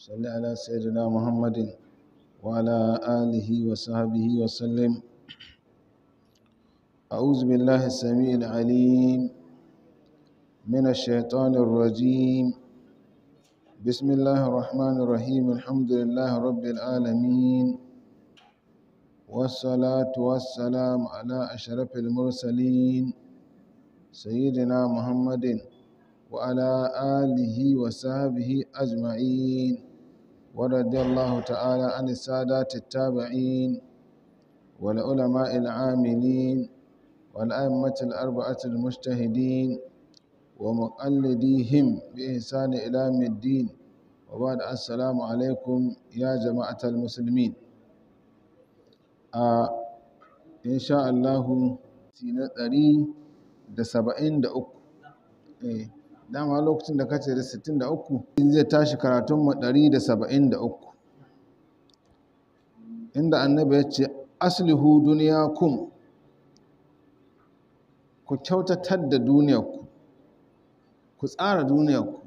صل على سيدنا محمد وعلى آله وصحبه وسلم أعوذ بالله السميع العليم من الشيطان الرجيم بسم الله الرحمن الرحيم الحمد لله رب العالمين والصلاة والسلام على أشرف المرسلين سيدنا محمد وعلى آله وصحبه أجمعين ورضي الله تعالى عن السادة التابعين والعلماء العاملين والأئمة الأربعة المجتهدين ومقلديهم بإحسان إلى الدين وبعد السلام عليكم يا جماعة المسلمين آه إن شاء الله سنة 173 إيه dama lokacin da kace da 63 in zai tashi karatun mu 173 inda annabi ya ce aslihu duniyakum ku kyautatar da duniyarku ku tsara duniyarku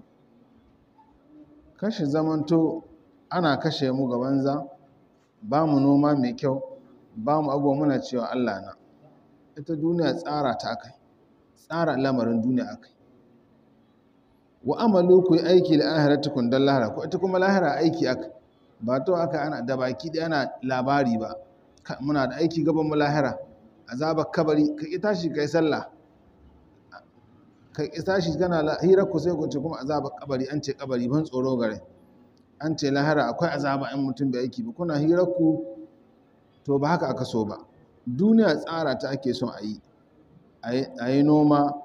kashe zamanto ana kashe mu ga banza ba mu noma mai kyau ba mu abuwa muna cewa Allah na ita duniya tsara ta akai tsara lamarin duniya akai wa amalu ku yi aiki da ahirati kun dan lahara ko ita kuma lahara aiki aka ba to aka ana da baki da ana labari ba muna da aiki gaban mu lahara azabar kabari ka ki tashi kai sallah ka ki tashi kana hira ku sai ku ce kuma azabar kabari an ce kabari ban tsoro gare an ce lahara akwai azaba in mutum bai aiki ba kuna hira ku to ba haka aka so ba duniya tsara ta ake son a yi a yi noma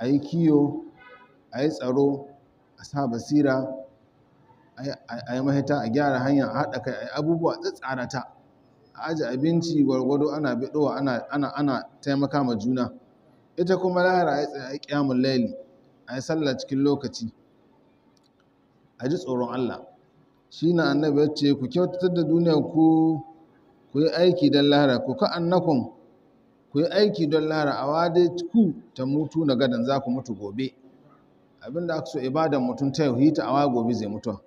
a yi kiyo a yi tsaro a sa basira a yi mahita a gyara hanya a haɗa kai a yi abubuwa tsara ta a aji abinci gwargwado ana biɗowa ana taimaka ma juna ita kuma lahara a yi tsaye a yi ƙyamun laili a yi sallah cikin lokaci a ji tsoron allah shi na annabi ya ce ku kyautatar da duniya ku ku yi aiki don lahara ku ka annakun ku yi aiki don lara a wadai ku ta mutu na gadon za ku mutu gobe abinda aka so ibadan mutum ta yi ta awa gobe zai mutu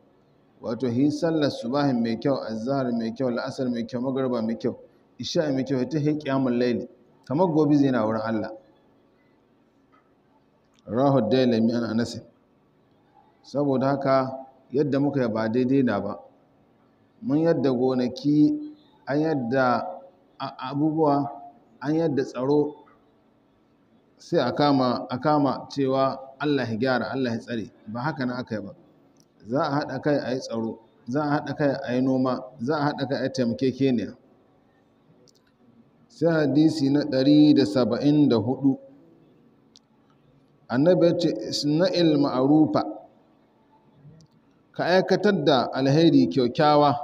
wato hi sallar subahin mai kyau azhar mai kyau la'asar mai kyau magarba mai kyau isha mai kyau ta hi qiyamul laili? kamar gobe zai na wurin Allah rahu dailami an anas saboda haka yadda muka yi ba daidai na ba mun yadda gonaki an yadda abubuwa an yadda tsaro sai a kama cewa Allah ya gyara Allah ya tsare ba haka na aka yi ba za a haɗa kai a yi tsaro za a haɗa kai a yi noma za a haɗa kai a yi taimakekeniya sai hadisi na 174 annabi ya ce isna'il ma'arufa ka aikatar da alheri kyaukyawa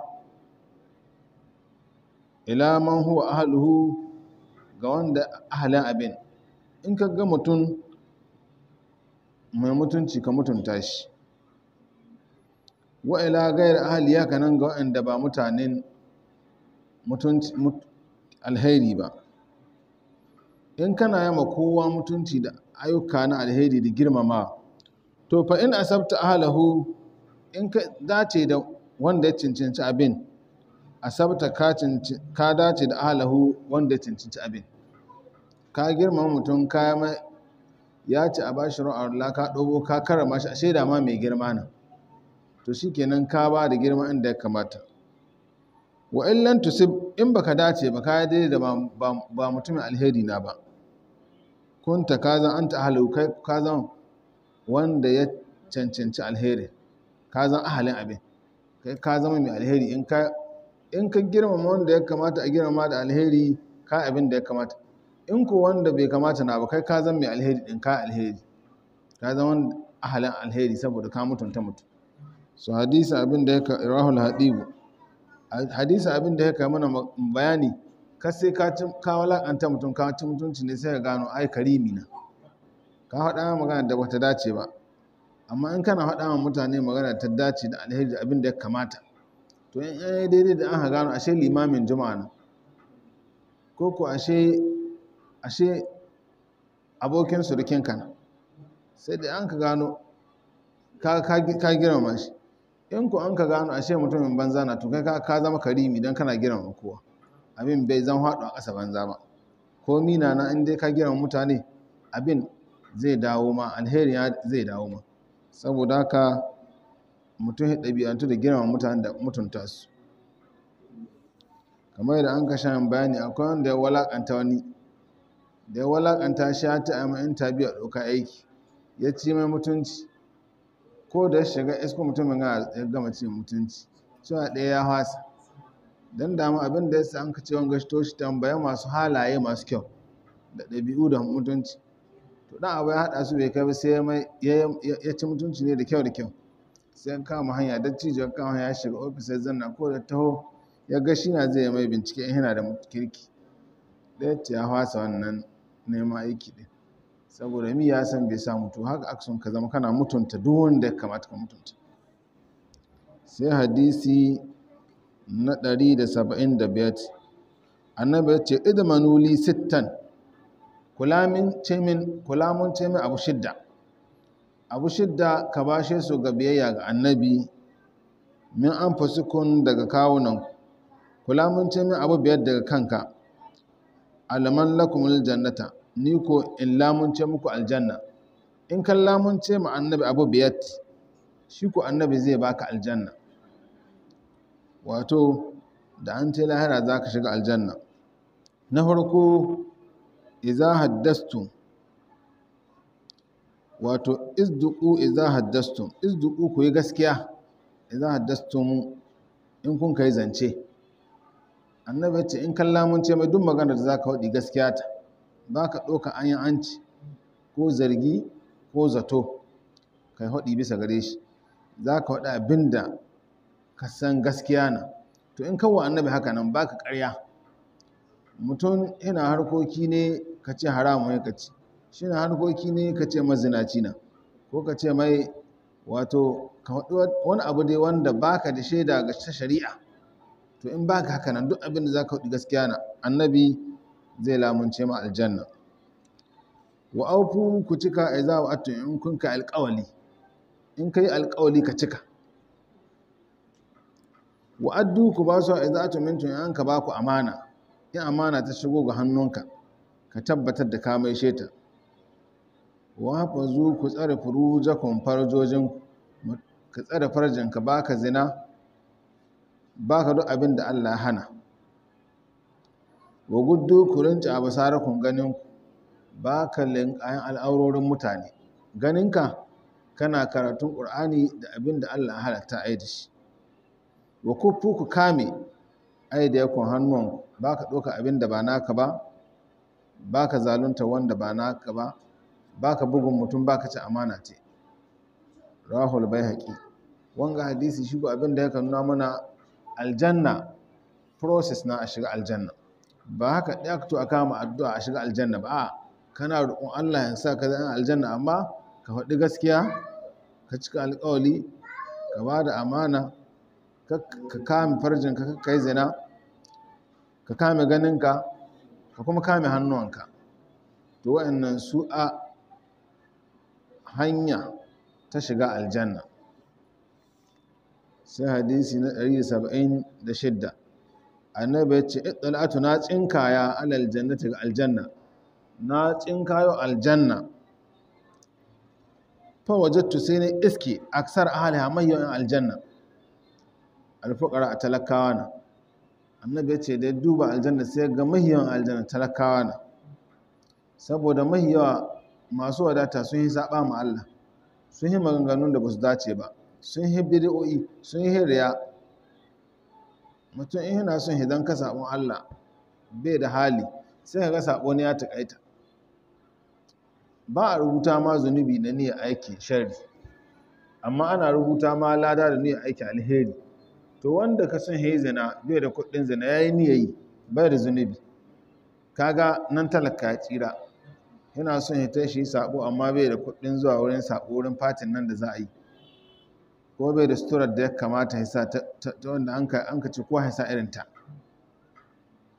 ila man huwa ahluhu ga wanda ahalin abin in ka ga mutum mai mutunci ka mutunta shi wa'ila gayar ahaliya ka nan ga waɗanda ba mutanen mutunci alheri ba in kana yama kowa mutunci da ayyuka na alheri da girmama to fa in asabta ahalahu in ka dace da wanda ya cancanci abin asabta ka dace da ahalahu wanda ya cancanci abin ka girma mutum ka ya ci a bashi ra'ar la ka ɗogo ka karama shi a shaida ma mai girma na to shi kenan ka ba da girma inda ya kamata wa illan tusib in baka dace ba ka yi da ba mutumin alheri na ba kunta ka zan an ahalu ka zan wanda ya cancanci alheri ka zan ahalin abin kai ka zama mai alheri in ka in ka girmama wanda ya kamata a girmama da alheri ka abin da ya kamata in ko wanda bai kamata na ba kai ka zan mai alheri din ka alheri ka zama ahalin alheri saboda ka mutunta mutum so hadisi abin da ya ka rahul hadibu hadisi abin da ya kai mana bayani ka sai ka ka walakanta mutum ka ci mutunci ne sai ka gano ai karimi na ka faɗa magana da bata dace ba amma in kana faɗa ma mutane magana ta dace da alheri da abin da ya kamata to yin an daidai da an gano ashe limamin juma'a na ko ko ashe ashe abokin surukin kana sai da an ka gano ka girmama shi in ku an ka gano ashe mutumin banza na to kai ka zama karimi don kana girmama kowa abin bai zan haɗu a ƙasa banza ba ko mina na in dai ka girmama mutane abin zai dawo ma alheri zai dawo ma saboda haka mutum ya ɗabi'antu da girma mutane da mutunta su kamar yadda an kashe yin bayani akwai wanda ya walakanta wani da ya walakanta shi ya ta amma in tabi a ɗauka aiki ya ci mai mutunci ko da ya shiga isko mutumin ya gama cin mutunci cewa ɗaya ya hasa don dama abin da ya sa an kace wanga shi tambaye masu halaye masu kyau da ɗabi'u da mutunci to dan abu ya haɗa su bai kai ba sai ya ci mutunci ne da kyau da kyau sai kama hanya dattijon cijiyar kama hanya ya shiga ofis sai zanna ko da taho ya ga shi na zai mai bincike in yana da kirki da ya fasa wannan nema aiki ɗin saboda mi ya san bai sa mutu haka aksun ka zama kana mutunta duk wanda ya kamata ka mutunta sai hadisi na 175 annabi ya ce idmanuli sittan kulamin cemin kulamun cemin abu shidda abu shidda ka bashe su ga biyayya ga annabi min an fasikun daga kawunan kula mun min abu biyar daga kanka alaman lakumul jannata ni ko in lamunce muku aljanna in kan lamunce ma annabi abu biyar shi ko annabi zai baka aljanna wato da an ce lahira za ka shiga aljanna na farko iza haddastu wato izduku idza haddastum izduku ku yi gaskiya idza haddastum in kun kai zance annabi ya ce in kan ce mai duk magana da zaka wadi gaskiya ta baka doka an yi anci ko zargi ko zato kai hadi bisa gare shi zaka wada abinda ka san gaskiya na to in kawo annabi haka nan baka ƙarya mutum yana harkoki ne ka ce haramu ya ka ci shi na harkoki ne ka ce mazinaci na ko ka ce mai wato wani abu dai wanda baka da shaida ga ta shari'a to in baka haka nan duk abin da za ka hudu gaskiya na annabi zai lamunce ma aljanna wa aufu ku cika a za wa in kun ka alkawali in ka yi alƙawali ka cika wa addu ku ba su a za ta mintun an ka ba ku amana in amana ta shigo ga hannunka ka tabbatar da ka maishe sheta zu ku tsare kun farjojin ka tsare ka baka zina baka duk abin da Allah hana wa guddu ku rinci kun ganin baka linkayen al'aurorin mutane ganinka kana karatun ƙur'ani da abin da Allah halatta aidi shi wa kuffu ku kame aidi yakun hannuwanku baka ɗauka abin da ba naka ba baka zalunta wanda ba naka ba baka bugun mutum baka ci amana ce rahul bai haƙi wanga hadisi shi abinda abin da nuna mana aljanna process na a shiga aljanna ba haka ɗaya to a kama addu'a a shiga aljanna ba a kana roƙon Allah ya sa ka zama aljanna amma ka faɗi gaskiya ka cika alƙawali ka ba da amana ka kame farjin ka kai zina ka kame ganinka ka kuma kame hannuwanka to wa'annan su a hanya ta shiga aljanna sai hadisi na 176 annabi ya ce ittalatu na tsinkaya alal jannati ga aljanna na tsinkayo aljanna fa wajadtu sai ne iski aksar ahliha mayyan aljanna alfuqara a talakawa na annabi ya ce da duba aljanna sai ga mahiyan aljanna talakawa na saboda mahiyawa masu wadata sun yi saba ma Allah sun yi maganganun da ba su dace ba sun yi bid'o'i sun yi riya mutum in yana son hidan ka sabon Allah bai da hali sai ka ga sabo ya takaita ba a rubuta ma zunubi na niyyar aiki shari amma ana rubuta ma lada da niyyar aiki alheri to wanda ka sun yi zina bai da kuɗin zina ya yi niyayi bai da zunubi kaga nan talaka ya tsira yana son ya tashi sabo amma bai da kuɗin zuwa wurin sabo wurin fatin nan da za a yi ko bai da suturar da ya kamata ya sa ta wanda an ka ci ko ya sa ta.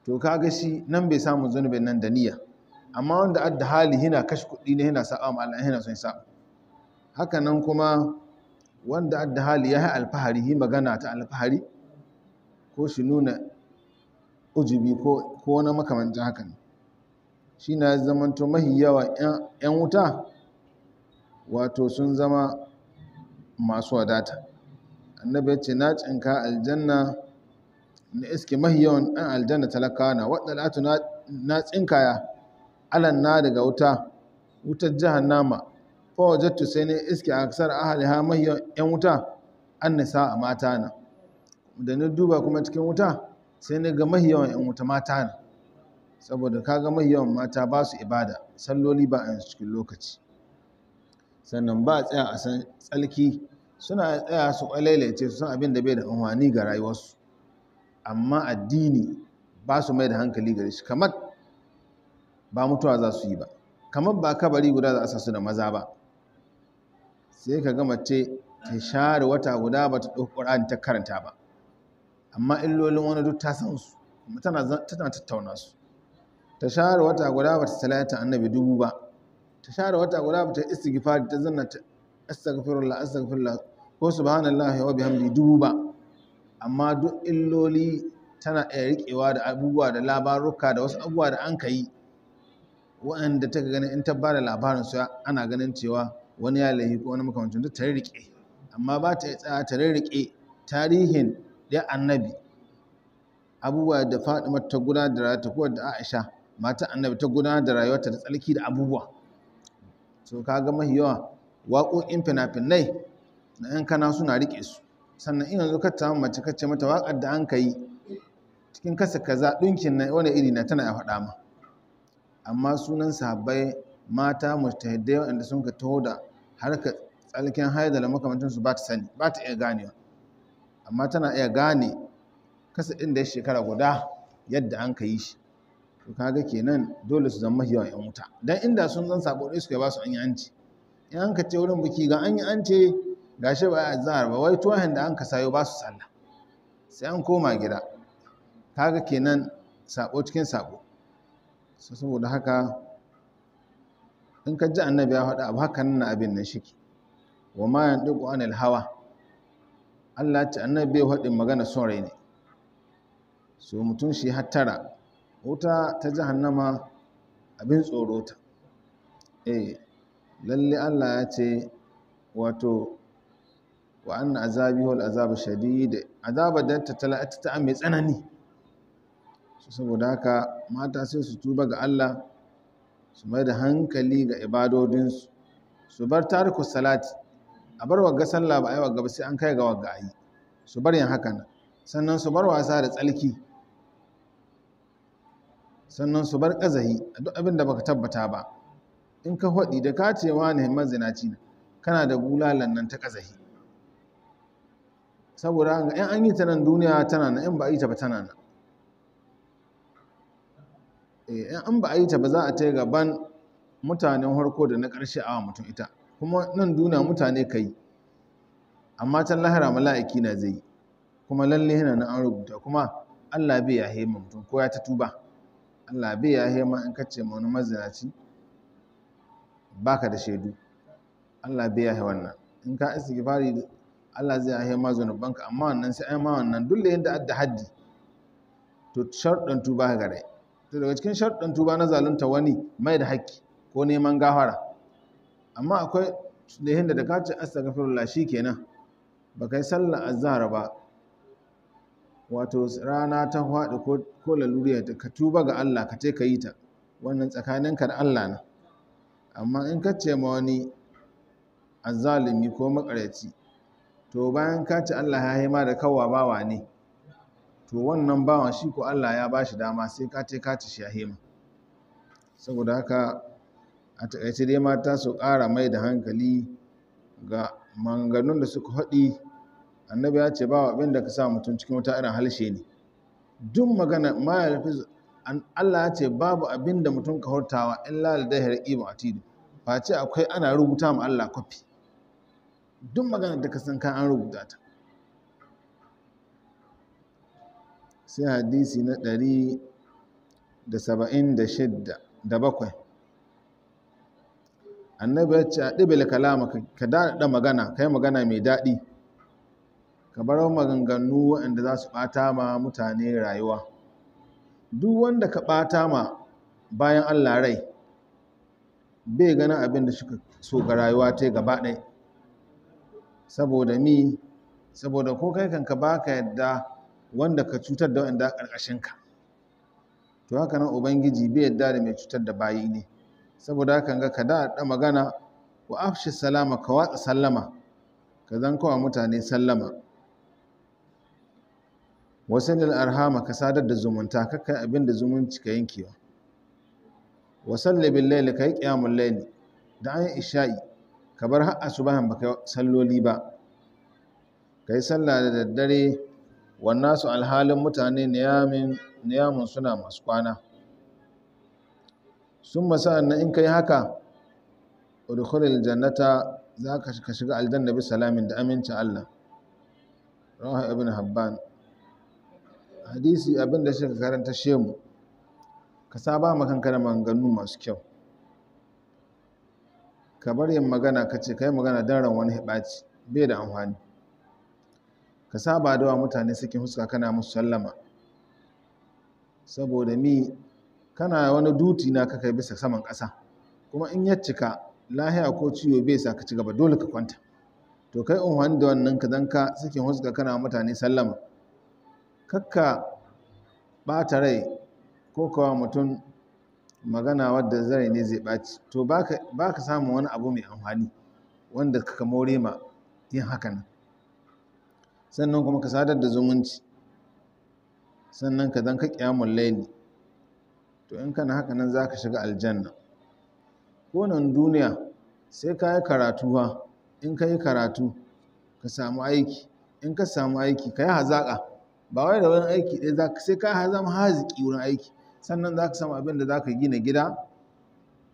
to ga shi nan bai samu zunubin nan da niyya amma wanda adda hali yana kashe kuɗi ne yana sa'a ma Allah yana son sa haka nan kuma wanda adda hali ya yi alfahari yi magana ta alfahari ko shi nuna ujubi ko wani makamancin hakan shi na zamanto mahi yawa 'yan wuta wato sun zama masu wadata annabi ce na tsinka aljanna na iske mahi yawan ɗan aljanna talakawa na waɗalatu na tsinkaya alanna daga wuta wutar nama. jahannama jattu sai ne iske a kasar ahaliha mahi yawan wuta an nisa a mata na da na duba kuma cikin wuta sai ne ga mahi yawan 'yan wuta mata na saboda ka ga mai yawan mata ba su ibada salloli ba a cikin lokaci sannan ba a tsaya a san tsalki suna tsaya su kwalailaice su san abin da bai da amfani ga rayuwarsu amma addini ba su mai da hankali gare shi kamar ba mutuwa za su yi ba kamar ba kabari guda za a su da maza ba sai ka gama ce ta share wata guda ba ta ɗauki ta karanta ba amma illolin wani duk ta san su tana tattauna su ta share wata guda ba ta salata annabi dubu ba ta share wata guda ba ta istighfar ta zanna ta astaghfirullah astaghfirullah ko subhanallah wa bihamdi dubu ba amma duk illoli tana iya rikewa da abubuwa da labaruka da wasu abubuwa da an kai waɗanda ta ganin in ta bada labarin su ana ganin cewa wani ya lahi ko wani makamancin duk ta rike amma ba ta yi tsaya ta rike tarihin da annabi abubuwa da Fatima ta gudanar da ta da Aisha mata annabi ta gudanar da rayuwarta ta tsarki da abubuwa so kaga mahi yawa waƙoƙin fina-finai na yan kana suna riƙe su sannan ina zo ka tamu mace kace mata waƙar da an kai cikin kasa kaza ɗinkin na wani iri na tana ya faɗa ma amma sunan sahabbai mata mujtahidai waɗanda sun ka taho da harkar tsalkin haida da ba ta iya tana iya gane kasa ɗin da ya shekara guda yadda an ka yi shi to kaga kenan dole su zama yawan yan wuta dan inda sun zan sabo ne suka ba su an yi anci in an ka ce wurin biki ga an yi ga shi ba a zahar ba wai tuwahin da an ka sayo ba su sallah sai an koma gida kaga kenan sabo cikin sabo saboda haka in ka ji annabi ya faɗa abu haka nan abin nan shike wa ma yandiqu anil hawa Allah ce annabi ya faɗi magana son rai ne so mutum shi hattara wuta ta jahannama abin tsoro ta E, lalle Allah ya ce wato wa an azabi wal azabu shadid azaba da ta talata ta mai tsanani saboda haka mata sai su tuba ga Allah su mai da hankali ga ibadodinsu su bar tariku salati a bar wagga sallah ba a yi wagga ba sai an kai ga wagga yi, su bar yin haka nan sannan su bar wasa da tsalki sannan su bar ƙazayi a duk abin da baka tabbata ba in ka haɗi da ka ce wa ne mazinaci ne kana da gulalan nan ta ƙazahi saboda ga 'yan an yi ta nan duniya tana nan in ba a yi ta ba tana nan eh, in an ba a yi ta ba za a ta gaban mutanen harko da na ƙarshe awa mutum ita kuma nan duniya mutane ka yi amma can lahara mala'iki na zai yi kuma lalle yana na an rubuta kuma allah bai ya yahe mutum ko ya ta tuba Allah bai ya hema in kace ma wani mazinaci baka da shaidu Allah bai ya wannan in ka istighfari Allah zai ya hema banka. amma wannan sai ai ma wannan dole yadda adda haddi to sharɗan tuba ga rai. to daga cikin sharɗan tuba na zalunta wani mai da haƙƙi ko neman gafara amma akwai lehin da ka ce astaghfirullah shikenan ba yi sallar azhar ba wato rana ta faɗi ko laluriya ka tuba ga Allah ka ce ka yi ta wannan tsakaninka da Allah na amma in ka ce ma wani azzalimi ko makaryaci to bayan ka ce Allah ya haima da kawwa bawa ne to wannan bawa shi ko Allah ya ba shi dama sai ka ce ka ci shi haima saboda haka a taƙaice dai mata su ƙara mai da hankali ga manganun da suka haɗi annabi ya ce ba abin da ka sa mutum cikin wata irin halshe ne duk magana ma ya rufi Allah ya ce babu abin da mutum ka hurtawa in lalata har ibu a tidu ce akwai ana rubuta ma Allah kwafi duk magana da ka san ka an rubuta ta sai hadisi na ɗari da saba'in da da bakwai annabi ya ce a ɗibil kalama ka daɗa magana ka yi magana mai daɗi ka bar maganganu waɗanda za su ɓata ma mutane rayuwa duk wanda ka ɓata ma bayan allah rai bai ganin abin da suka so ga rayuwa ta gaba ɗai saboda mi saboda ko kai kanka ba ka yadda wanda ka cutar da wanda ƙarƙashinka to haka nan ubangiji bai yadda da mai cutar da bayi ne saboda hakan ga ka da magana wa afshi salama ka watsa sallama ka zan kawa mutane sallama lil arhama ka sadar da zumunta kakkan abin da zumunci ka yankewa wasalli laili ka yi kyamun layli da an yi isha'i ka bar har asubahan baka salloli ba Ka yi sallah da daddare wannan su alhalin mutane niyamun suna masu kwana sun masu na in ka yi haka udkhulil jannata za ka shiga aljanna bi salamin da amincin Allah rawahu ibn habban hadisi abinda da suka karanta shemu ka saba ma kanka da maganganu masu kyau ka bar yin magana ka ce ka yi magana don ran wani hibaci bai da amfani ka saba da wa mutane suke huska kana musu sallama saboda mi kana wani duti na ka kai bisa saman ƙasa kuma in ya cika lahiya ko ciwo bai sa ka ci gaba dole ka kwanta to kai unhwani da wannan ka zanka suke huska kana mutane sallama kakka ɓata rai ko kawa mutum magana wadda zai ne zai ɓaci to ba ka samun wani abu mai amfani wanda ka more ma yin hakan sannan kuma ka sadar da zumunci sannan ka zan ka ƙyamun laili to in kana haka za ka shiga aljanna konan duniya sai ka yi karatu ha in ka yi karatu ka samu aiki in ka samu aiki ka yi hazaƙa ba wai da wani aiki ɗaya za ka sai ka zama haziki wurin aiki sannan za ka samu abin da za ka gina gida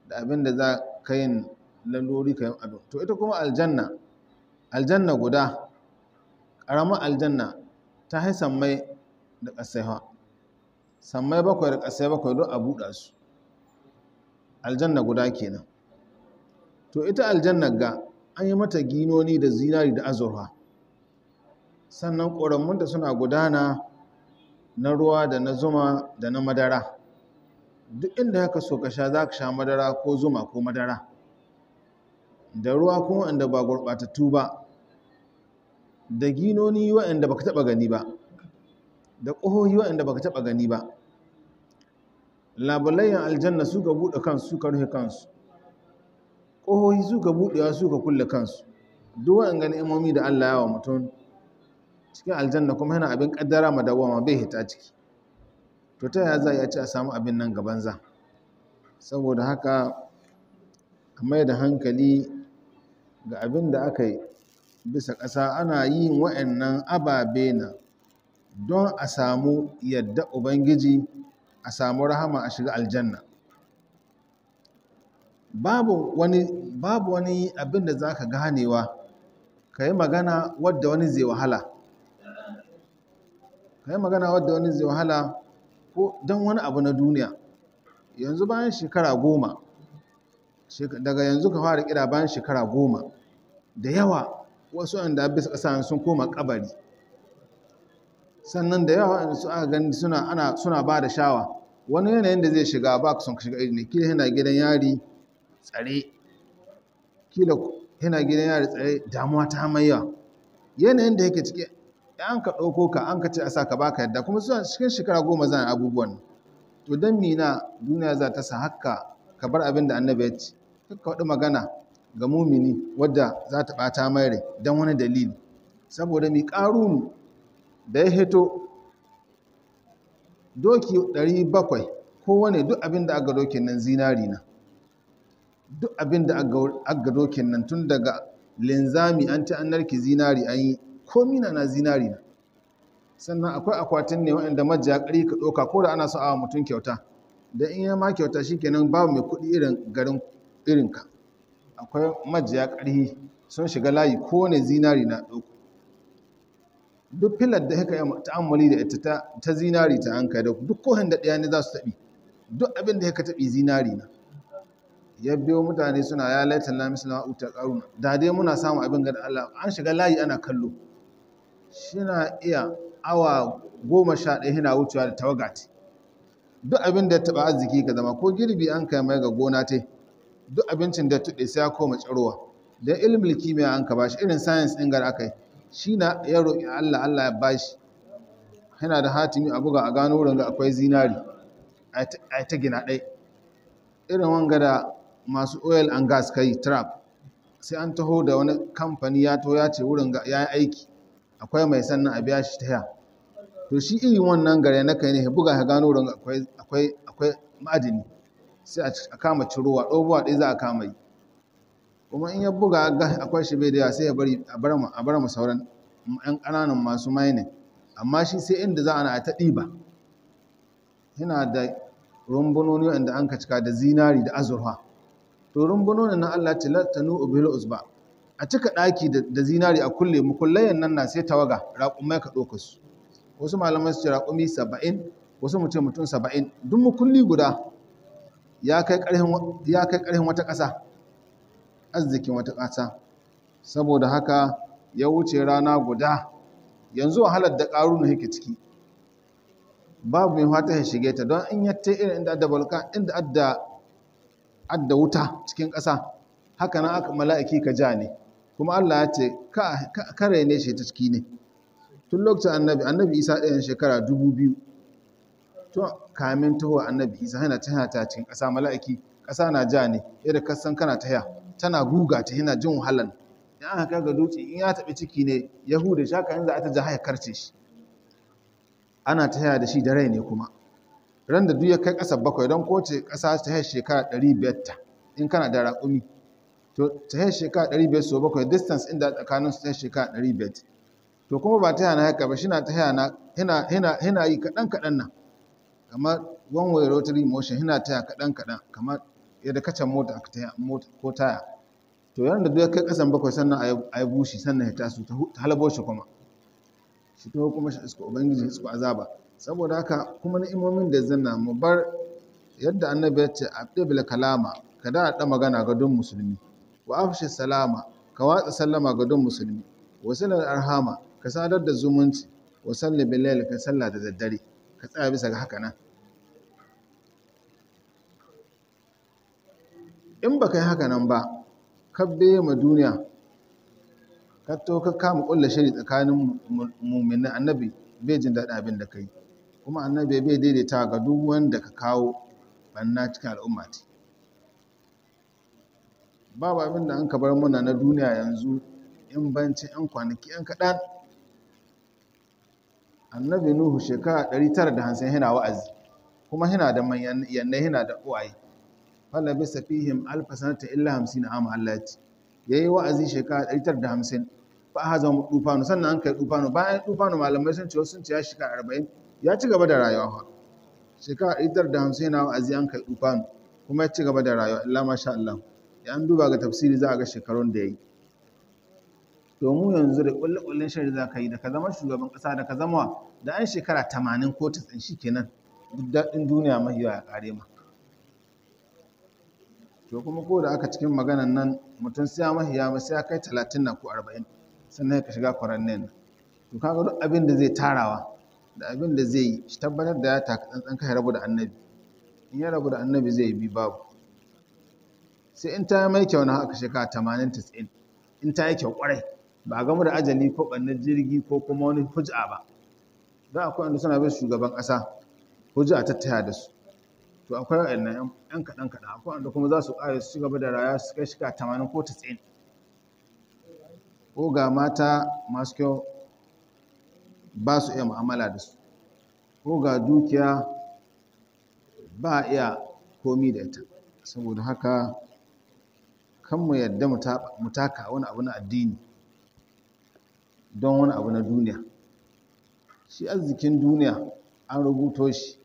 da abin da za ka yin lalori ka yin abin to ita kuma aljanna aljanna guda ƙaramar aljanna ta hai sammai da ƙasaiwa sammai bakwai da ƙasai bakwai don a buɗa su aljanna guda kenan to ita aljanna ga an yi mata ginoni da zinari da azurfa sannan ƙoramunta suna gudana na ruwa da na zuma da na madara duk inda haka so ka sha za ka sha madara ko zuma ko madara da ruwa kuma inda ba gurɓatattu ba da ginoni waɗanda ka taɓa gani ba da ƙohohi waɗanda ka taɓa gani ba labulayen aljanna su ka buɗe kansu suka ka rufe kansu ƙohohi su ka buɗewa su ka kulle kansu duk waɗanda ni'imomi da Allah ya wa mutum cikin aljanna kuma yana abin kaddara madawama bai hita ciki to ta yaya za a ci a samu abin nan gaban za saboda haka a mai da hankali ga abin da aka yi bisa ƙasa ana yin wa'annan ababe na don a samu yadda ubangiji a samu rahama a shiga aljanna babu wani babu wani abin da za ka ganewa ka yi magana wadda wani zai wahala ka yi magana wadda wani zai wahala ko don wani abu na duniya yanzu bayan shekara goma daga yanzu ka fara kira bayan shekara goma da yawa wasu yanda bisa ƙasa sun koma kabari sannan da yawa su aka gani suna suna ba da shawa wani yanayin da zai shiga ba ka son ka shiga irin kila yana gidan yari tsare kila yana gidan yari tsare damuwa ta hamayya yanayin da yake ciki an ka ɗauko ka an ka ce a sa ka baka yadda kuma suna cikin shekara goma zan abubuwan to don mina duniya za ta sa haka ka bar abin da annabi ya ci, ka faɗi magana ga mumini wadda za ta ɓata mai rai don wani dalili saboda mai mu da ya hito doki 700 kowane duk abin da aga dokin nan zinari na duk abin da aga dokin nan tun daga linzami an ta an zinari an yi komi na na zinari na sannan akwai akwatin ne waɗanda majiya ƙari ka ɗauka ko da ana so a mutum kyauta da in yi ma kyauta shi kenan babu mai kuɗi irin garin irinka akwai majiya ƙari sun shiga layi ko ne zinari na ɗauku duk filar da haka yi ta'ammali da ita ta zinari ta hanka da duk kohin da ɗaya ne za su taɓi duk abin da haka taɓi zinari na ya biyo mutane suna ya laita lamisila utar ƙaruna da dai muna samun abin ga Allah an shiga layi ana kallo shina iya awa goma sha ɗaya yana wucewa da tawagati duk abin da taɓa arziki ka zama ko girbi an kai mai ga gona te duk abincin da tuɗe sai ya koma tsarowa da ilimin kimiyya an ka shi irin sayans ɗin gara aka yi shi na ya roƙi Allah Allah ya bashi yana da hatimi a buga a gano wurin da akwai zinari a ta gina ɗai irin wanga da masu oil and gas kai trap sai an taho da wani kamfani ya taho ya ce wurin ya yi aiki akwai mai sannan a biya shi ta ya to shi iri wannan gare na kai ne ya buga ya gano wurin akwai ma'adini sai a kama cirowa ɗobuwa ɗaya za a kama yi kuma in ya buga akwai shi bai da yawa sai ya bari a bar mu sauran yan ƙananan masu ne. amma shi sai inda za a na ta ɗiba yana da rumbunoni wanda an ka cika da zinari da azurfa to rumbunoni na Allah tilatanu latanu ubil uzba a cika ɗaki da zinari a kulle mukullayen nan na sai tawaga raƙumai ka ɗauka su wasu malamai su ce raƙumi saba'in wasu mutum mutum saba'in duk mukulli guda ya kai ƙarfin wata ƙasa arzikin wata ƙasa saboda haka ya wuce rana guda yanzu wahalar da ƙaru na yake ciki babu mai fata ya shige ta don in yatta irin inda adda balka inda adda adda wuta cikin ƙasa haka nan aka mala'iki ka ja ne kuma Allah ya ce kare ne shi ta ciki ne tun lokacin annabi annabi isa ɗayan shekara dubu biyu to kamin taho annabi isa yana ta yana ta cikin ƙasa mala'iki ƙasa na ja ne yadda kasan kana ta ya tana guga ta yana jin wahalan ya aka kaga dutse in ya taɓi ciki ne yahuda shaka yanzu a ta ja haya karce shi ana ta haya da shi da rai ne kuma Randa duk ya kai ƙasa bakwai don kowace ƙasa ta haya shekara ɗari biyar ta in kana da raƙumi to ta yi shekara 500 so bakwai distance inda tsakanin su yi shekara 500 to kuma ba ta na haka ba shi na ta na hina yi kaɗan kaɗan nan kamar one way rotary motion hina yana kaɗan kaɗan kamar yadda kacan mota a tahiya mota ko taya to yana da duka kai kasan bakwai sannan a yi bushi sannan ya taso ta halabo shi kuma shi ta kuma shi iska ubangiji iska azaba saboda haka kuma ni'imomin da zanna mu bar yadda annabi ya ce a ɗabila kalama kada a ɗa magana ga don musulmi wa afshi salama ka watsa sallama ga duk musulmi wa silal arhama ka sadar da zumunci wa salli bilal ka salla da daddare ka tsaya bisa ga haka nan in ba ka yi haka nan ba ka beye ma duniya ka to ka kama kulla shiri tsakanin mu'minin annabi bai jin daɗin abin da ka kuma annabi bai daidaita ga duk wanda ka kawo banna cikin al'umma babu abin da an ka bar muna na duniya yanzu in banci yan kwanaki yan kaɗan annabi nuhu shekara 950 yana wa'azi kuma yana da manyan yana da uwaye falla bisa fihim alfa sanata illa 50 am Ya yayi wa'azi shekara 950 fa haza mu dufanu sannan an kai dufanu bayan dufanu malamai sun ce sun ce ya shekara 40 ya ci gaba da rayuwa shekara 950 yana wa'azi an kai dufanu kuma ya ci gaba da rayuwa illa masha Allah an duba ga tafsiri za a ga shekarun da ya yi to mu yanzu da kulle-kullen shari za ka yi da ka zama shugaban kasa da ka zama da an shekara tamanin ko tatsin shi kenan duk daɗin duniya mahi ya ƙare ma to kuma ko da aka cikin maganan nan mutum sai ya mahi ya ya kai talatin na ko arba'in sannan ka shiga kwarannin to kaga duk abin da zai tarawa da abin da zai yi shi tabbatar da ya taka tsantsan kai rabu da annabi in ya rabu da annabi zai bi babu sai in ta mai kyau na haka shekara tamanin tasirin in ta yi kyau kwarai ba gamu da ajali ko ɓannar jirgi ko kuma wani hujja ba a akwai wanda suna bin shugaban ƙasa hujja ta taya da su to akwai waɗannan yan kaɗan kaɗan akwai wanda kuma za su ƙara su gaba da raya su kai shiga tamanin ko tasirin ko ga mata masu kyau ba su iya mu'amala da su ko ga dukiya ba iya komi da ita saboda haka kan mu yadda mu taka wani abu na addini don wani abu na duniya shi arzikin duniya an rubuto shi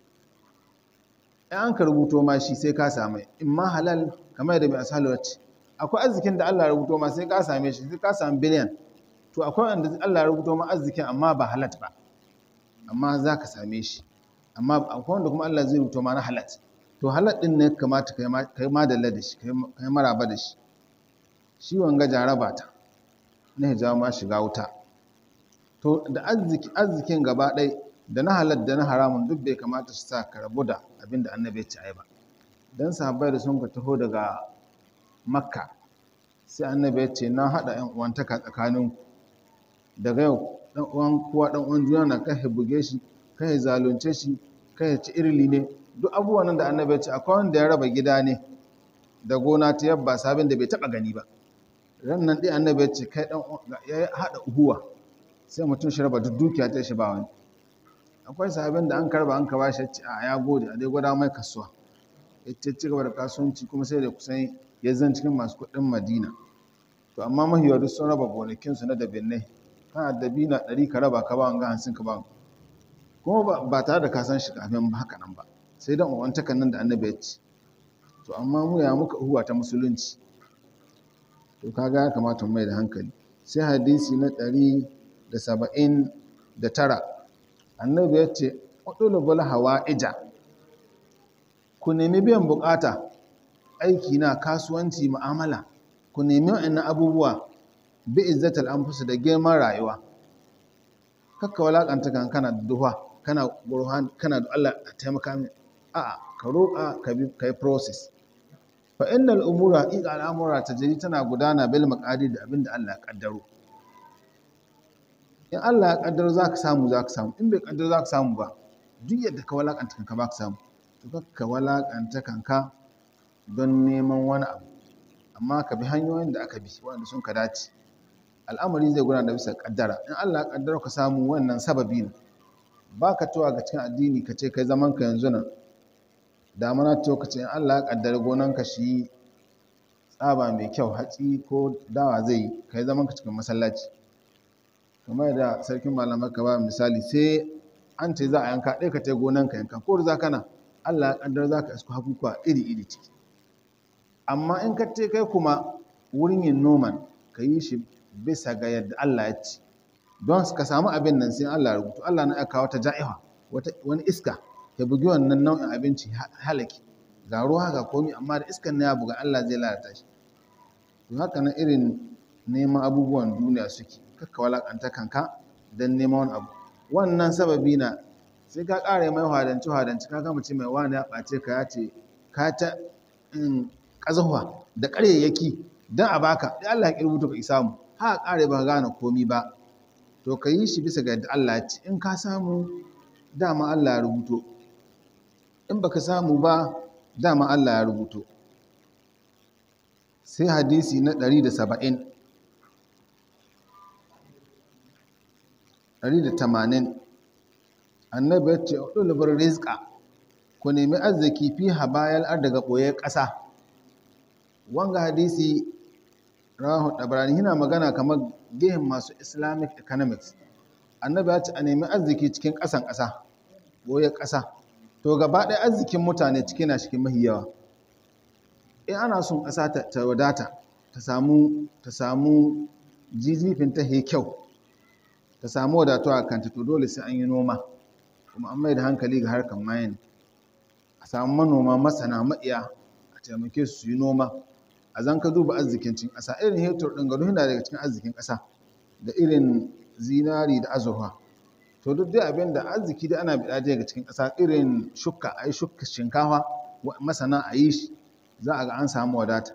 in an ka rubuto ma shi sai ka same in ma halal kamar yadda mai asali ce akwai arzikin da Allah rubuto ma sai ka same shi sai ka same biliyan to akwai wanda Allah rubuto ma arzikin amma ba halat ba amma za ka same shi amma akwai wanda kuma Allah zai rubuto ma na halat to halat din ne kamata kai ma da shi kai maraba da shi ciwon ga jaraba ta na hijawa ma shiga wuta to da arzikin gaba ɗai da na halar da na haramun duk bai kamata su sa rabu da abinda annabi ya ci ai ba don sahabbai da sun ka taho daga makka sai annabi ya ce na haɗa ‘yan uwantaka tsakanin daga yau ɗan uwan kuwa ɗan uwan juna na kai buge shi kai zalunce shi kai ci irili ne duk abubuwan da annabi ya ci akwai wanda ya raba gida ne da gona ta yabba sabin da bai taɓa gani ba ran nan dai annabi ya ce kai dan ya haɗa uhuwa sai mutum shi raba duk dukiya ta shi ba wani akwai sahabin da an karba an kaba shi a ya gode a dai gwada mai kasuwa ya ce ci gaba da kasuwanci kuma sai da kusan ya zan cikin masu kuɗin madina to amma mahiwa sun raba gonakinsu na dabinai kana dabina ɗari ka raba ka ba wanga ka ba kuma ba tare da kasan shi kafin ba haka nan ba sai dan uwan takan nan da annabi ya ce to amma mu ya muka uwa ta musulunci to kaga ya kamata mai da hankali sai hadisi na ɗari saba'in da tara annabi ya ce ƙudulubul ija? ku nemi biyan bukata aiki na kasuwanci ma'amala ku nemi wa'annan abubuwa bi izzatal anfus da girman rayuwa kakka walakanta kankana kana duha kana gurhan kana Allah a taimaka min a'a ka roƙa ka bi kai process fa innal umura haqiqa al'amura tajri tana gudana bil maqadir da abinda Allah ya kaddaro in Allah ya kaddaro zaka samu zaka samu in bai kaddaro zaka samu ba duk yadda ka walakanta kanka ba ka samu to ka walakanta kanka don neman wani abu amma ka bi hanyoyin da aka bi wanda sun ka dace al'amari zai gudana da bisa kaddara in Allah ya kaddaro ka samu wannan sababi ne ba ka tuwa ga cikin addini ka ce kai zaman ka yanzu nan damana ta lokacin allah ya gonan ka shi tsaba mai kyau hatsi ko dawa zai ka yi zaman ka cikin masallaci kamar da sarkin malamai ka ba misali sai an ce za a yanka ɗaya ka ta gonanka yanka ko za kana allah ya kaddara za ka isko hakukuwa iri iri ciki amma in ka ce kai kuma wurin yin noman ka yi shi bisa ga yadda allah ya ci don ka samu abin nan sai allah ya rubuta allah na ya wata ja'iha wani iska ya bugi wannan nau'in abinci halaki ga ruwa ga komi amma da iskan na ya buga Allah zai lalata shi to haka na irin neman abubuwan duniya suke kakka walakanta kanka don neman wani abu wannan sababi na sai ka ƙara mai hadanci hadanci ka ga mace mai wani ya ɓace ka ya ce ka ta mm, da ƙaryayyaki don a baka dai Allah ya rubuta ka samu ha ƙare ba gane komi ba to ka yi shi bisa ga yadda Allah ya ci in ka samu dama Allah ya rubuto in baka samu ba dama Allah ya rubuto sai hadisi na 170 tamanin, annabi ya ce ɗulubar rizka ku nemi arziki fi habayal ar daga ɓoye ƙasa wanga hadisi rahu ɗabarani yana magana kamar gehen masu islamic economics annabi ya ce a nemi arziki cikin ƙasan ƙasa ɓoye ƙasa to gaba ɗaya arzikin mutane ciki na cikin mahi yawa in ana son ƙasa ta wadata ta samu ta samu jizifin ta he kyau ta samu wadatuwa a kanta to dole sai an yi noma kuma an mai da hankali ga harkar mayan a samu manoma masana ma'iya a taimake su yi noma a zan ka duba arzikin cikin ƙasa irin hetur ɗin ga daga cikin arzikin ƙasa da irin zinari da azurfa to duk dai abin da arziki da ana biɗa daga cikin ƙasa irin shukka a yi shinkafa masana a za a ga an samu wadata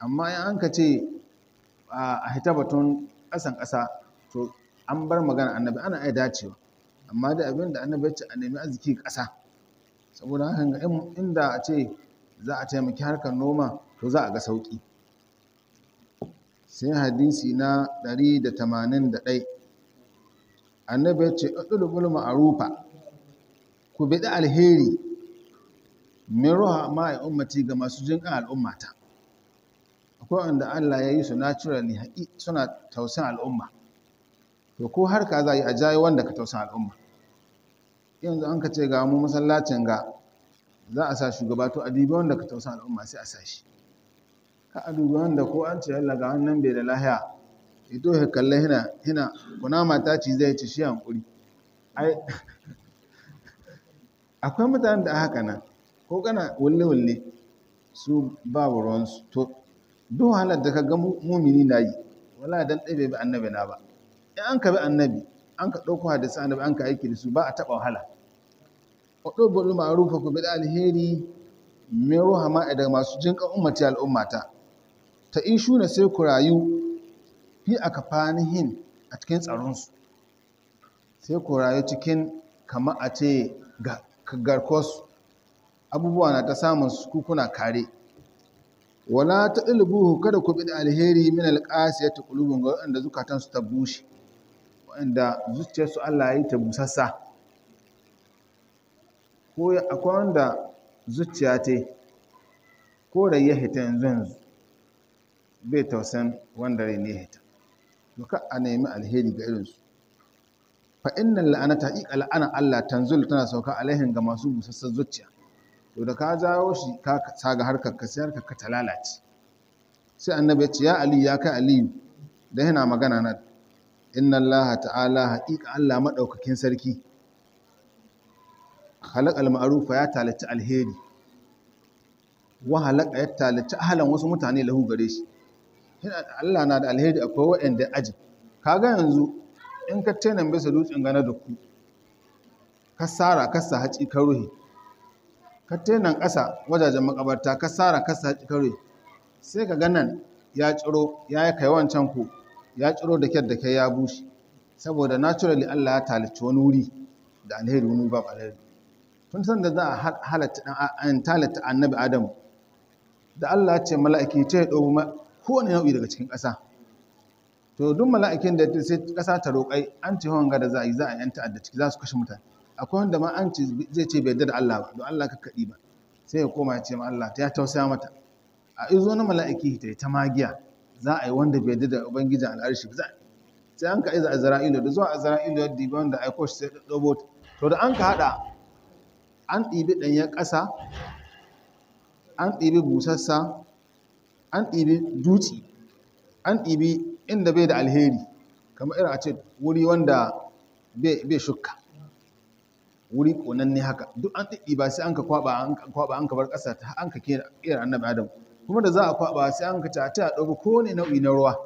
amma in an ka ce a hita batun ƙasan ƙasa to an bar magana annabi ana iya dacewa amma da abin da annabi ce a nemi arziki ƙasa saboda hakan ga inda a ce za a taimaki harkar noma to za a ga sauƙi sai hadisi na 181 annabi ya ce ɗulubul ma'arufa ku biɗi alheri min ruha ma'a ummati ga masu jinƙan al'ummata akwai wanda allah ya yi su naturally haƙi suna tausan al'umma to ko har ka za a yi a jayi wanda ka tausan al'umma yanzu an ka ce ga mu masallacin ga za a sa shugaba to a dubi wanda ka tausan al'umma sai a sa shi ka a dubi wanda ko an ce yalla ga wannan bai da lahiya Ido ya kalle hina hina kunama ta ci zai ci shi hankuri ai akwai mutanen da haka nan ko kana wulle-wulle su babu su to duk halar da ka ga mumini na yi wala dan ɗaya bai annabi na ba in an ka bi annabi an ka ɗauko hadisi annabi an ka aiki da su ba a taɓa wahala waɗo baɗo ma'arufa ku bi da alheri mai ruhama da masu jinƙan ummati al'ummata ta in shuna sai ku rayu fi a kafanihin a cikin tsaronsu sai ku rayu cikin kama a ce ga garkosu abubuwa na ta samun kukuna kare wala ta ɗalibuhu kada ku bin alheri min alƙasiyar ta ƙulubin ga waɗanda zukatansu ta bushe waɗanda zuciyarsu Allah ya yi ta busassa ko akwai wanda zuciya ta ko da ya hita yanzu yanzu bai tausan wanda rai ne hita duka a nemi alheri ga irinsu fa la'ana ta haqiqa la'ana Allah tanzul tana sauka alaihin ga masu busassar zuciya to da ka jawo shi ka saga harkar ka sai harkar ka ta lalace sai annabi ya ce ya ali ya kai aliyu da yana magana na inna Allah ta'ala haƙiƙa Allah madaukakin sarki khalaq al-ma'ruf ya talaci alheri wa halaƙa ya talaci ahlan wasu mutane lahu gare shi Allah na da alheri akwai waɗanda aji kaga yanzu in ka tenan bisa dutsen gane da ku ka tsara kasa haci ka ruhe ka tenan ƙasa wajajen makabarta ka tsara kasa haci ka ruhe sai ka ganan ya ciro ya yi kai wancan ku ya ciro da kyar da kai ya bushe saboda naturally Allah ya talici wani wuri da alheri wani ba alheri tun san da za a halatta annabi Adamu da Allah ce mala'iki ce ya ɗau kowane nau'i daga cikin ƙasa to duk mala'ikin da sai ƙasa ta roƙai an ce wanga da za a yi za a yan ta'adda ciki za su kashe mutane akwai wanda ma an ce zai ce bai yarda da Allah ba don Allah ka kaɗi ba sai ya koma ya ce ma Allah ta ya tausaya mata a izo na mala'iki ta yi ta magiya za a yi wanda bai yarda da ubangijin al'arshi ba sai an ka iza azra'ilu da zuwa azra'ilu ya ba wanda aiko shi sai ɗaɗɗobo to da an ka haɗa an ɗibi ɗanyen ƙasa an ɗibi busassa an ɗibi dutse an ɗibi inda bai da alheri kamar irin a ce wuri wanda bai shukka wuri ƙonanne haka duk an ɗiɗi ba sai an ka kwaɓa an ka bar ƙasa ta an ka kera irin annabi adam kuma da za a kwaɓa sai an ka cata a ko ne nau'i na ruwa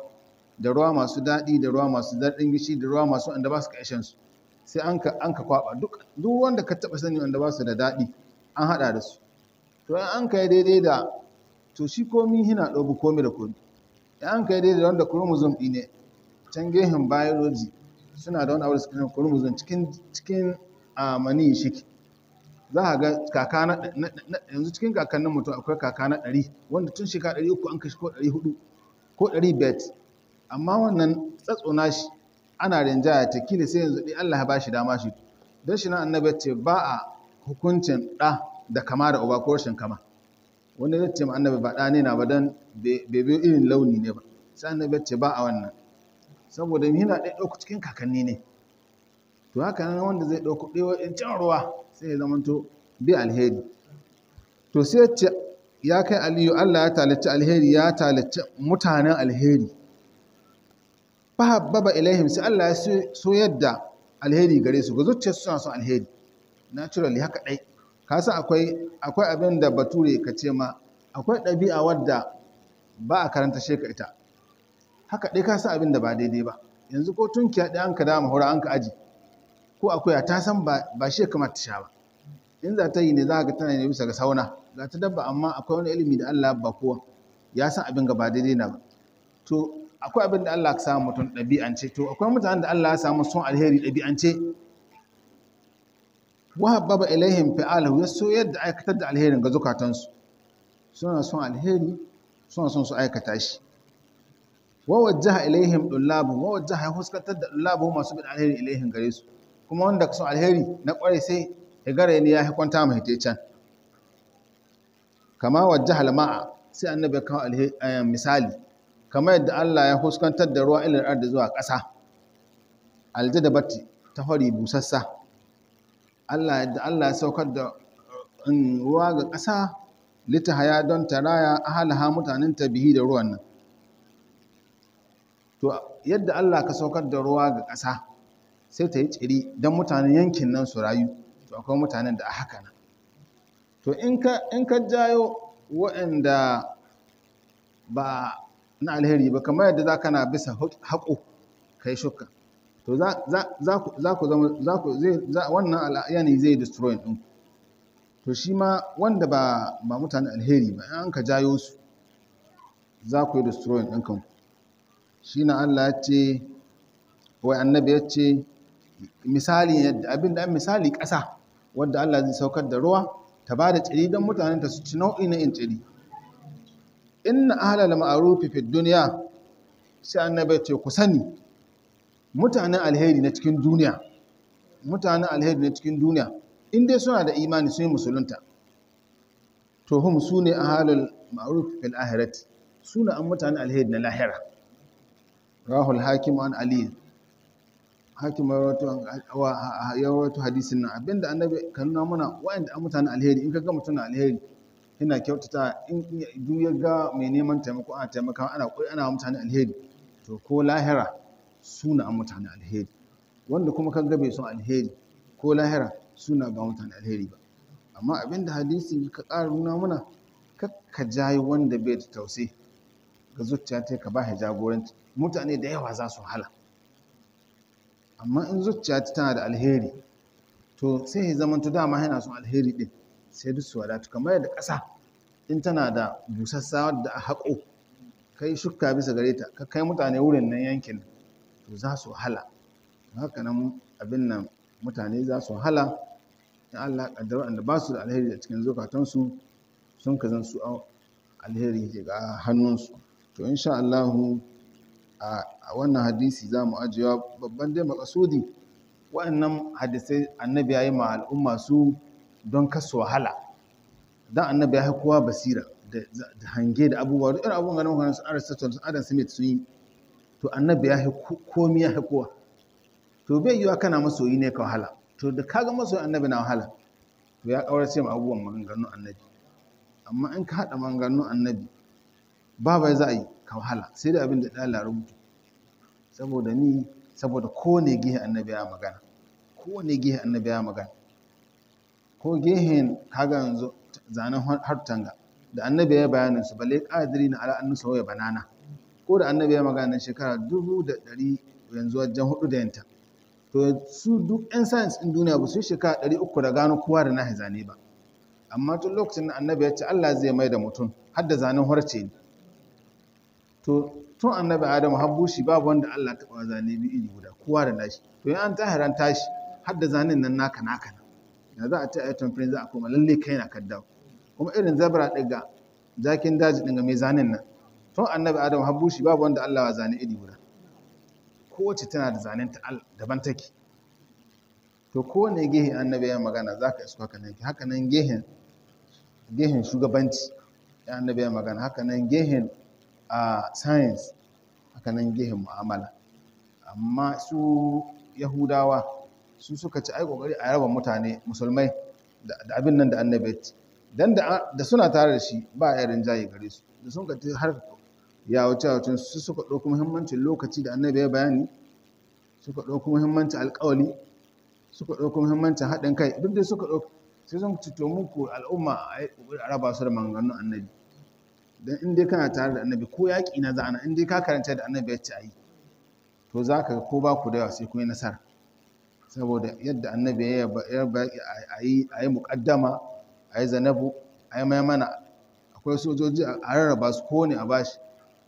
da ruwa masu daɗi da ruwa masu daɗin gishi da ruwa masu wanda ba su ƙarshen su sai an ka an ka kwaɓa duk duk wanda ka taɓa sani wanda ba su da daɗi an haɗa da su to an ka yi daidai da to shi komi hina ɗauki komi da komi ya an kai daidai wanda chromosome ɗi ne can gehen biology suna da wani abu da suke nan chromosome cikin cikin mani shiki za a ga kaka na yanzu cikin kakannin mutum akwai kaka na ɗari wanda tun shekara ɗari uku an kashi ko ɗari ko ɗari bet amma wannan tsatsona shi ana rinjaya ta kila sai yanzu Allah ba shi dama shi don shi na annabi ce ba a hukuncin da da kama da uba ko rashin kama wani zai ce annabi ba ɗa na ba don bai irin launi ne ba sai annabi ce ba a wannan saboda na ɗaya ɗauku cikin kakanni ne to haka nan wanda zai ɗauku ɗaya can ruwa sai ya zamanto bi alheri to sai ce ya kai aliyu allah ya talaci alheri ya talaci mutanen alheri fahabbaba ilahim sai allah ya so yadda alheri gare su ga zuciyar suna son alheri naturally haka ɗai kasa akwai akwai abin da bature ka ce ma akwai ɗabi'a wadda ba a karanta sheka ita haka ɗai kasa abin da ba daidai ba yanzu ko tun kiyaɗe an ka dama hura an ka aji ko akwai ta san ba shi kamata sha ba in za ta yi ne za ka tana ne bisa ga sauna za ta dabba amma akwai wani ilimi da Allah ba kowa ya san abin ga ba daidai na ba to akwai abin da Allah ka samu mutum ɗabi'ance to akwai mutanen da Allah ya samu sun alheri ɗabi'ance wahabbaba ilaihim fi'alahu ya so yadda aikatar da alherin ga zukatansu suna son alheri suna son su aikata shi wawajjaha ilaihim dullabu wawajjaha ya huskatar da dullabu masu bin alheri ilaihim gare su kuma wanda son alheri na kware sai ya gare ni ya hikwanta mai te can kama wajjaha lama'a sai annabi ya alheri eh, misali kamar yadda Allah ya huskantar da ruwa ilal ardi zuwa ƙasa aljadabati ta hori busassa Allah da Allah ya saukar da um, ruwa ga ƙasa litahaya don taraya ahalaha mutanen ta bihi da ruwan nan to yadda Allah ka saukar da ruwa ga ƙasa sai ta yi tsiri don mutanen yankin nan su rayu to akwai mutanen da a haka nan to in ka jayo waɗanda ba na alheri ba kamar yadda za kana bisa haƙo kai shuka to za ku zama za ku zai wannan al'ayani zai destroy ɗin to shi ma wanda ba ba mutane alheri ba an ka jayo su za ku yi destroy ɗin kan shi na Allah ya ce wai annabi ya ce misali yadda abin da misali ƙasa wadda Allah zai saukar da ruwa ta ba da tsiri don mutanen ta su ci nau'i na in tsiri inna ahlal ma'ruf fi dunya sai annabi ya ce ku sani mutanen alheri na cikin duniya mutanen alheri na cikin duniya inda suna da imani sun yi musulunta to hum su ne halin ma'ruf fil ahirati suna an mutanen alheri na lahira rahul hakim an ali hakim ya wato hadisin nan abinda annabi kan nuna mana wa'anda an mutanen alheri in ka ga mutanen alheri yana kyautata in duk ya ga mai neman taimako ana taimaka ana koyi ana mutanen alheri to ko lahira suna mutane alheri wanda kuma kan gabe son alheri ko lahira suna ba mutane alheri ba amma abinda hadisi ka ƙara nuna muna kakka jayi wanda bai da tausayi ga zuciya ta ka ba ya jagoranci mutane da yawa za su hala amma in zuciya ta tana da alheri to sai ya zama ta dama yana son alheri ɗin, sai duk su wadatu kamar yadda ƙasa in tana da busassa da haƙo kai shukka bisa gare ta ka kai mutane wurin nan yankin to za su hala haka nan abin nan mutane za su hala in Allah kaddara wanda ba su da alheri a cikin zukatansu sun ka zan su alheri ke ga hannunsu to insha Allah a wannan hadisi za mu ajiyewa babban dai makasudi wa'annan hadisai annabi ya yi ma al'umma su don kasu wahala don annabi ya kowa basira da hange da abubuwa duk irin abubuwan ganin wani su aristotle sun adam smith sun yi to annabi ya yi komi ya yi kowa to bai yiwa kana masoyi ne ka wahala to da kaga masoyi annabi na wahala to ya kawar ce ma abubuwan maganganun annabi amma in ka haɗa maganganun annabi ba bai za a yi ka wahala sai da abin da ɗaya larubutu saboda ni saboda kowane gihe annabi ya magana kowane gihe annabi ya magana ko gehen kaga yanzu zanen hartanga da annabi ya bayanin su balle kadiri na ala annu sauya banana ko da annabi ya magana shekara dubu da ɗari yanzu wajen hudu da yanta to su duk 'yan sains ɗin duniya ba su yi shekara ɗari uku da gano kowa da na haiza ne ba amma tun lokacin da annabi ya ce allah zai mai da mutum har zanen harce ne to tun annabi adamu har shi babu wanda allah ta taɓa zane biyu iri guda kowa da nashi to yi an tahiran tashi har zanen nan naka naka na za a ce a yi za a koma lalle kai na kaddawa kuma irin zabra daga jakin daji ɗin ga mai zanen nan tun annabi adam habu shi babu wanda Allah wa zane iri guda kowace tana da zanen ta daban take to kowane gehen annabi ya magana za ka isko hakanan ki hakanan gehen gehen shugabanci ya annabi ya magana hakanan gehen a science hakanan gehen mu'amala amma su yahudawa su suka ci ai kokari a yaba mutane musulmai da abin nan da annabi ya ci don da suna tare da shi ba a yarin jaye gare su da sun ka har ya a wace su suka ɗauki muhimmancin lokaci da annabi ya bayani suka ɗauki muhimmancin alƙawali suka ɗauki muhimmancin haɗin kai duk da suka ɗauki sai sun cito muku al'umma a yi ƙoƙari a raba su da maganganun annabi don in dai kana tare da annabi ko yaƙi na za'ana in dai ka karanta da annabi ya ci a yi to za ka ko ba ku da yawa sai kun yi nasara saboda yadda annabi ya yi a yi muƙaddama a yi zanabu a yi maimana akwai sojoji a rarraba su ko ne a bashi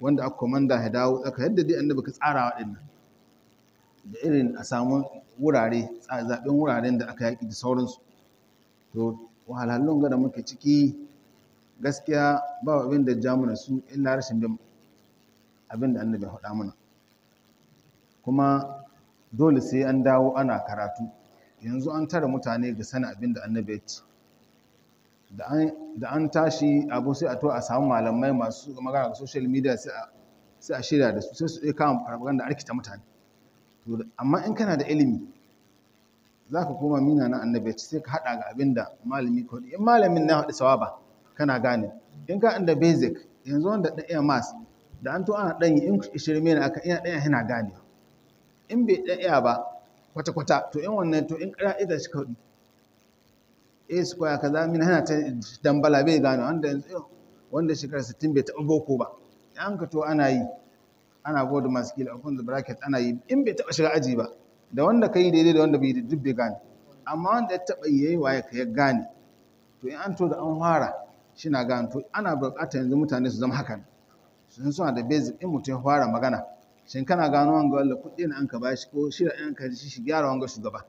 wanda aka komanda ya dawo tsaka yadda dai annabi ka tsara waɗannan da irin a samu wurare zaɓen wuraren da aka yaki da sauransu to wahalhalun ga da muke ciki gaskiya ba abin da mana su illa rashin bin abin da annabi faɗa mana kuma dole sai an dawo ana karatu yanzu an tara mutane ga sana abin da annabi ya ce da an tashi abu sai a to a samu malamai masu magana ga social media sai a shirya da su sai su iya kama da arkita mutane amma in kana da ilimi za ka koma mina na annabi sai ka haɗa ga abin da malami kodi in malamin na haɗu sawaba kana gane in ka inda basic yanzu wanda ɗan iya mas da an to ana ɗanyi in shirme na aka iya ɗaya yana gane in bai ɗaya ba kwata-kwata to in wannan to in ƙara ita shi kawai a square ka min yana ta dambala bai gano wanda yanzu wanda shekara 60 bai taɓa boko ba yan ka to ana yi ana board masu kila open the bracket ana yi in bai taɓa shiga aji ba da wanda ka yi daidai da wanda bai da dubbe gane amma wanda ya taɓa yi waye ka ya gane to in an to da an fara shi na gane to ana buƙatar yanzu mutane su zama hakan sun suna da basic in mutum ya fara magana shin kana gano wanga wanda kuɗi na an ka bashi ko da an ka shi gyara wanga shugaba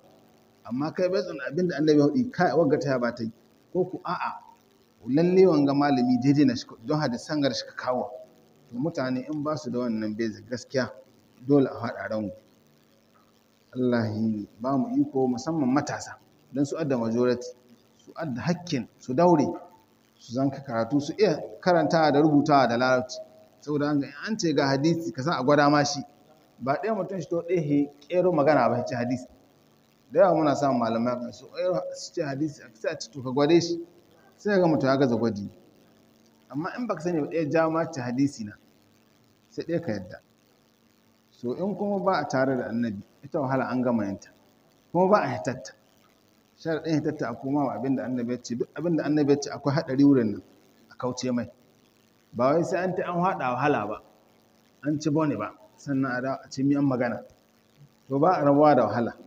amma kai bai tsan abin da annabi hudi kai wagga ta ba ta ko ku a'a lalle wanga malami daidai na don hadisan gar shi ka kawo to mutane in ba su da wannan bezi gaskiya dole a haɗa ran Allah yi ba mu iko musamman matasa don su adda majority su adda hakkin su daure su zanka karatu su iya karantawa da rubutawa da larabci saboda an an ce ga hadisi ka san a gwada ma shi ba ɗaya mutum shi to ɗaya ƙero magana ba ci hadisi da yawa muna samun malamai kan su eh, su ce hadisi a fita a ci to ka gwade shi sai ga mutum ya gaza gwaji amma in baka sani ba ɗaya jama ci hadisi na sai ɗaya ka yadda so in kuma ba a tare da annabi ita wahala an gama yanta kuma ba a hitatta sharaɗin hitatta a koma wa da annabi ya ce duk da annabi ya ce akwai haɗari wurin nan a kauce mai ba wai sai an ta an haɗa wahala ba an ci bone ba sannan a ci miyan magana to ba a rabuwa da wahala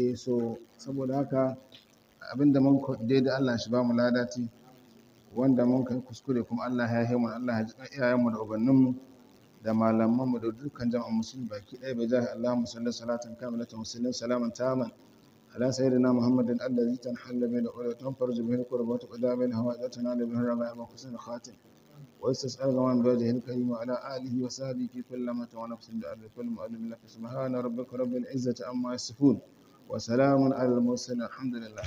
eh so saboda haka abinda mun daidai Allah shi bamu mu ladati wanda mun kai kuskure kuma Allah ya yi mu Allah ya ji iyayen mu da ubannin mu da malaman da dukkan jama'an musulmi baki ɗaya bai jahi Allah mu salli salatan kamilatan musallin salaman taman ala sayyidina muhammadin allazi tanhalla bi da'wati tanfarju bihi qurbatu qadamin hawa da tanalu bihi raba'a ma kusin khatim واستسأل من بوجه الكريم وعلى آله وصحبه كل ما تولى نفس بأرض كل مؤلم لك سبحان ربك رب العزة أما يصفون وسلام على المرسلين الحمد لله